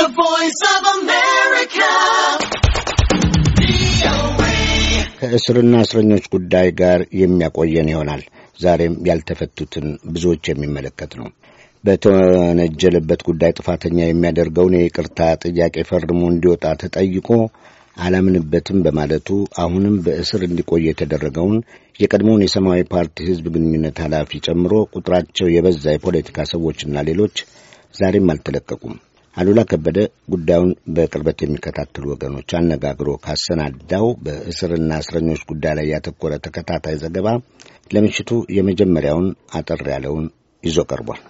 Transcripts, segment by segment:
The Voice of America. ከእስርና እስረኞች ጉዳይ ጋር የሚያቆየን ይሆናል። ዛሬም ያልተፈቱትን ብዙዎች የሚመለከት ነው። በተወነጀለበት ጉዳይ ጥፋተኛ የሚያደርገውን የይቅርታ ጥያቄ ፈርሞ እንዲወጣ ተጠይቆ አላምንበትም በማለቱ አሁንም በእስር እንዲቆይ የተደረገውን የቀድሞውን የሰማያዊ ፓርቲ ሕዝብ ግንኙነት ኃላፊ ጨምሮ ቁጥራቸው የበዛ የፖለቲካ ሰዎችና ሌሎች ዛሬም አልተለቀቁም። አሉላ ከበደ ጉዳዩን በቅርበት የሚከታተሉ ወገኖች አነጋግሮ ካሰናዳው በእስርና እስረኞች ጉዳይ ላይ ያተኮረ ተከታታይ ዘገባ ለምሽቱ የመጀመሪያውን አጠር ያለውን ይዞ ቀርቧል።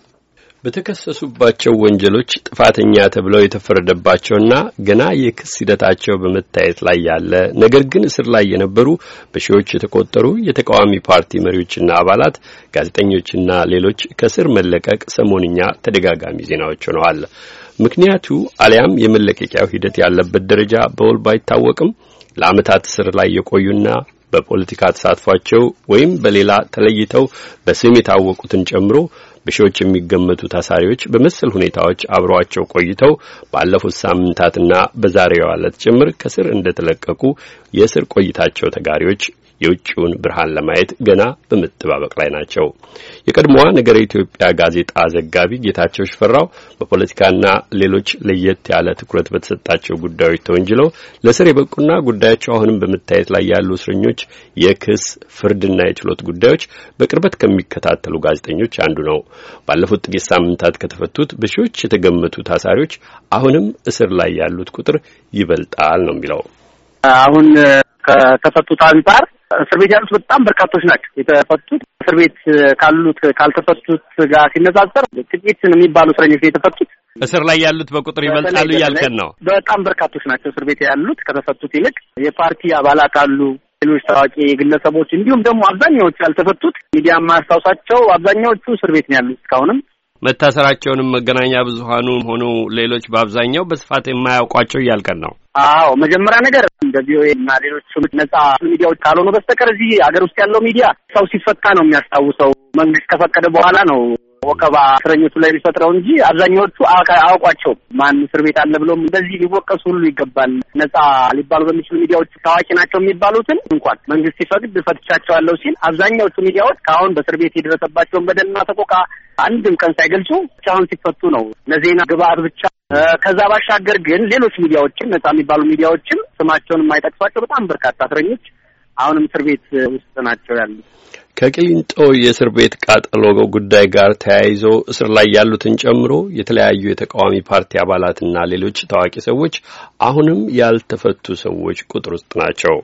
በተከሰሱባቸው ወንጀሎች ጥፋተኛ ተብለው የተፈረደባቸውና ገና የክስ ሂደታቸው በመታየት ላይ ያለ ነገር ግን እስር ላይ የነበሩ በሺዎች የተቆጠሩ የተቃዋሚ ፓርቲ መሪዎችና አባላት፣ ጋዜጠኞችና ሌሎች ከስር መለቀቅ ሰሞንኛ ተደጋጋሚ ዜናዎች ሆነዋል። ምክንያቱ አሊያም የመለቀቂያው ሂደት ያለበት ደረጃ በውል ባይታወቅም ለአመታት እስር ላይ የቆዩና በፖለቲካ ተሳትፏቸው ወይም በሌላ ተለይተው በስም የታወቁትን ጨምሮ በሺዎች የሚገመቱ ታሳሪዎች በመሰል ሁኔታዎች አብረዋቸው ቆይተው ባለፉት ሳምንታትና በዛሬዋ ዕለት ጭምር ከስር እንደተለቀቁ የእስር ቆይታቸው ተጋሪዎች የውጭውን ብርሃን ለማየት ገና በመጠባበቅ ላይ ናቸው። የቀድሞዋ ነገረ ኢትዮጵያ ጋዜጣ ዘጋቢ ጌታቸው ሽፈራው በፖለቲካና ሌሎች ለየት ያለ ትኩረት በተሰጣቸው ጉዳዮች ተወንጅለው ለስር የበቁና ጉዳያቸው አሁንም በመታየት ላይ ያሉ እስረኞች የክስ ፍርድና የችሎት ጉዳዮች በቅርበት ከሚከታተሉ ጋዜጠኞች አንዱ ነው። ባለፉት ጥቂት ሳምንታት ከተፈቱት በሺዎች የተገመቱ ታሳሪዎች አሁንም እስር ላይ ያሉት ቁጥር ይበልጣል ነው የሚለው አሁን ከተፈቱት አንጻር እስር ቤት ያሉት በጣም በርካቶች ናቸው የተፈቱት። እስር ቤት ካሉት ካልተፈቱት ጋር ሲነጻጸር ጥቂት የሚባሉ እስረኞች የተፈቱት። እስር ላይ ያሉት በቁጥር ይበልጣሉ እያልከን ነው? በጣም በርካቶች ናቸው እስር ቤት ያሉት ከተፈቱት ይልቅ የፓርቲ አባላት አሉ ሌሎች ታዋቂ ግለሰቦች እንዲሁም ደግሞ አብዛኛዎቹ ያልተፈቱት ሚዲያ ማያስታውሳቸው አብዛኛዎቹ እስር ቤት ነው ያሉት። እስካሁንም መታሰራቸውንም መገናኛ ብዙሀኑም ሆኑ ሌሎች በአብዛኛው በስፋት የማያውቋቸው እያልቀን ነው። አዎ መጀመሪያ ነገር እንደ ቪኦኤ እና ሌሎቹ ነጻ ሚዲያዎች ካልሆኑ በስተቀር እዚህ አገር ውስጥ ያለው ሚዲያ ሰው ሲፈታ ነው የሚያስታውሰው። መንግስት ከፈቀደ በኋላ ነው ወከባ እስረኞቹ ላይ የሚፈጥረው እንጂ አብዛኛዎቹ አያውቋቸውም። ማን እስር ቤት አለ ብሎም እንደዚህ ሊወቀሱ ሁሉ ይገባል። ነጻ ሊባሉ በሚችሉ ሚዲያዎች ታዋቂ ናቸው የሚባሉትን እንኳን መንግስት ሲፈቅድ ፈትቻቸዋለሁ ሲል አብዛኛዎቹ ሚዲያዎች ከአሁን በእስር ቤት የደረሰባቸውን በደልና ተቆቃ አንድም ቀን ሳይገልጹ ብቻውን ሲፈቱ ነው ለዜና ግብአት ብቻ። ከዛ ባሻገር ግን ሌሎች ሚዲያዎችም ነጻ የሚባሉ ሚዲያዎችም ስማቸውን የማይጠቅሷቸው በጣም በርካታ እስረኞች አሁንም እስር ቤት ውስጥ ናቸው ያሉት። ከቅሊንጦ የእስር ቤት ቃጠሎ ጉዳይ ጋር ተያይዞ እስር ላይ ያሉትን ጨምሮ የተለያዩ የተቃዋሚ ፓርቲ አባላትና ሌሎች ታዋቂ ሰዎች አሁንም ያልተፈቱ ሰዎች ቁጥር ውስጥ ናቸው።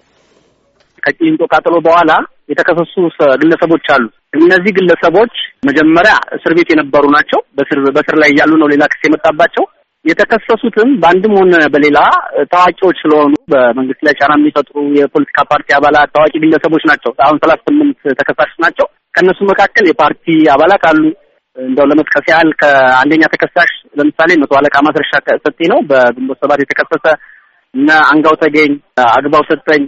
ከቅሊንጦ ቃጠሎ በኋላ የተከሰሱ ግለሰቦች አሉ። እነዚህ ግለሰቦች መጀመሪያ እስር ቤት የነበሩ ናቸው። በስር በስር ላይ እያሉ ነው ሌላ ክስ የመጣባቸው። የተከሰሱትም በአንድም ሆነ በሌላ ታዋቂዎች ስለሆኑ በመንግስት ላይ ጫና የሚፈጥሩ የፖለቲካ ፓርቲ አባላት፣ ታዋቂ ግለሰቦች ናቸው። አሁን ሰላሳ ስምንት ተከሳሽ ናቸው። ከእነሱ መካከል የፓርቲ አባላት አሉ። እንደው ለመጥቀስ ያህል ከአንደኛ ተከሳሽ ለምሳሌ መቶ አለቃ ማስረሻ ሰጤ ነው። በግንቦት ሰባት የተከሰሰ እነ አንጋው ተገኝ፣ አግባው ሰጠኝ፣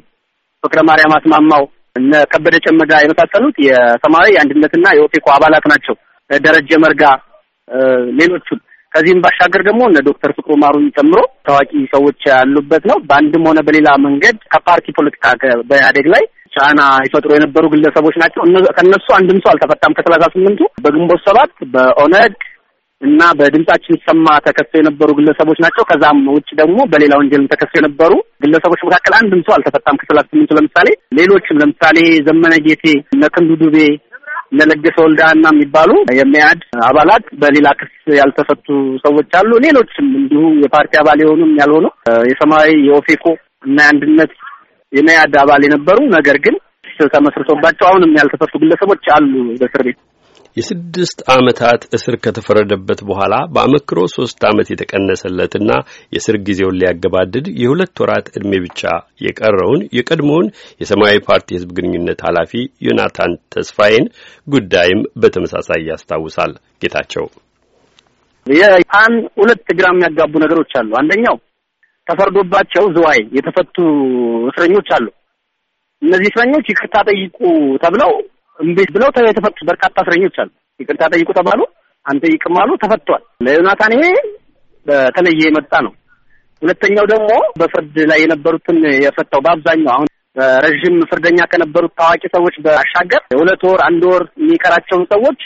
ፍቅረ ማርያም አስማማው፣ እነ ከበደ ጨመዳ የመሳሰሉት የሰማያዊ የአንድነትና የኦፌኮ አባላት ናቸው። ደረጀ መርጋ ሌሎቹም ከዚህም ባሻገር ደግሞ እነ ዶክተር ፍቅሩ ማሩን ጨምሮ ታዋቂ ሰዎች ያሉበት ነው። በአንድም ሆነ በሌላ መንገድ ከፓርቲ ፖለቲካ በኢህአዴግ ላይ ጫና ይፈጥሩ የነበሩ ግለሰቦች ናቸው። ከእነሱ አንድም ሰው አልተፈታም። ከሰላሳ ስምንቱ በግንቦት ሰባት በኦነግ እና በድምጻችን ሰማ ተከሰው የነበሩ ግለሰቦች ናቸው። ከዛም ውጭ ደግሞ በሌላ ወንጀልም ተከሰው የነበሩ ግለሰቦች መካከል አንድም ሰው አልተፈታም። ከሰላሳ ስምንቱ ለምሳሌ ሌሎችም ለምሳሌ ዘመነ ጌቴ፣ እነ ክንዱ ዱቤ እነ ለገሰ ወልዳና የሚባሉ የሚያድ አባላት በሌላ ክስ ያልተፈቱ ሰዎች አሉ። ሌሎችም እንዲሁ የፓርቲ አባል የሆኑም ያልሆኑ የሰማያዊ የኦፌኮ እና የአንድነት የመያድ አባል የነበሩ ነገር ግን ተመስርቶባቸው አሁንም ያልተፈቱ ግለሰቦች አሉ በእስር ቤት የስድስት ዓመታት እስር ከተፈረደበት በኋላ በአመክሮ ሶስት ዓመት የተቀነሰለትና የእስር ጊዜውን ሊያገባድድ የሁለት ወራት ዕድሜ ብቻ የቀረውን የቀድሞውን የሰማያዊ ፓርቲ ህዝብ ግንኙነት ኃላፊ ዮናታን ተስፋዬን ጉዳይም በተመሳሳይ ያስታውሳል። ጌታቸው የአን ሁለት ግራ የሚያጋቡ ነገሮች አሉ። አንደኛው ተፈርዶባቸው ዝዋይ የተፈቱ እስረኞች አሉ። እነዚህ እስረኞች ይቅርታ ጠይቁ ተብለው እምቢ ብለው የተፈቱ በርካታ እስረኞች አሉ። ይቅርታ ጠይቁ ተባሉ፣ አንጠይቅም አሉ፣ ተፈቷል። ለዮናታን ይሄ በተለየ የመጣ ነው። ሁለተኛው ደግሞ በፍርድ ላይ የነበሩትን የፈታው በአብዛኛው አሁን በረዥም ፍርደኛ ከነበሩት ታዋቂ ሰዎች በአሻገር ሁለት ወር አንድ ወር የሚቀራቸውን ሰዎች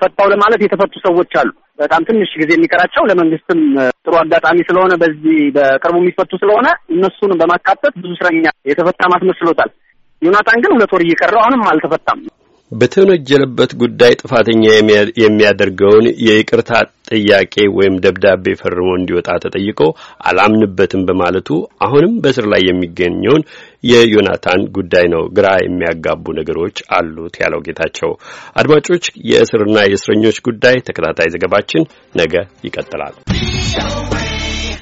ፈታው ለማለት የተፈቱ ሰዎች አሉ። በጣም ትንሽ ጊዜ የሚቀራቸው ለመንግስትም ጥሩ አጋጣሚ ስለሆነ በዚህ በቅርቡ የሚፈቱ ስለሆነ እነሱን በማካተት ብዙ እስረኛ የተፈታ ማስመስሎታል። ዮናታን ግን ሁለት ወር እየቀረው አሁንም አልተፈታም። በተወነጀለበት ጉዳይ ጥፋተኛ የሚያደርገውን የይቅርታ ጥያቄ ወይም ደብዳቤ ፈርሞ እንዲወጣ ተጠይቆ አላምንበትም በማለቱ አሁንም በእስር ላይ የሚገኘውን የዮናታን ጉዳይ ነው ግራ የሚያጋቡ ነገሮች አሉት ያለው ጌታቸው። አድማጮች፣ የእስርና የእስረኞች ጉዳይ ተከታታይ ዘገባችን ነገ ይቀጥላል።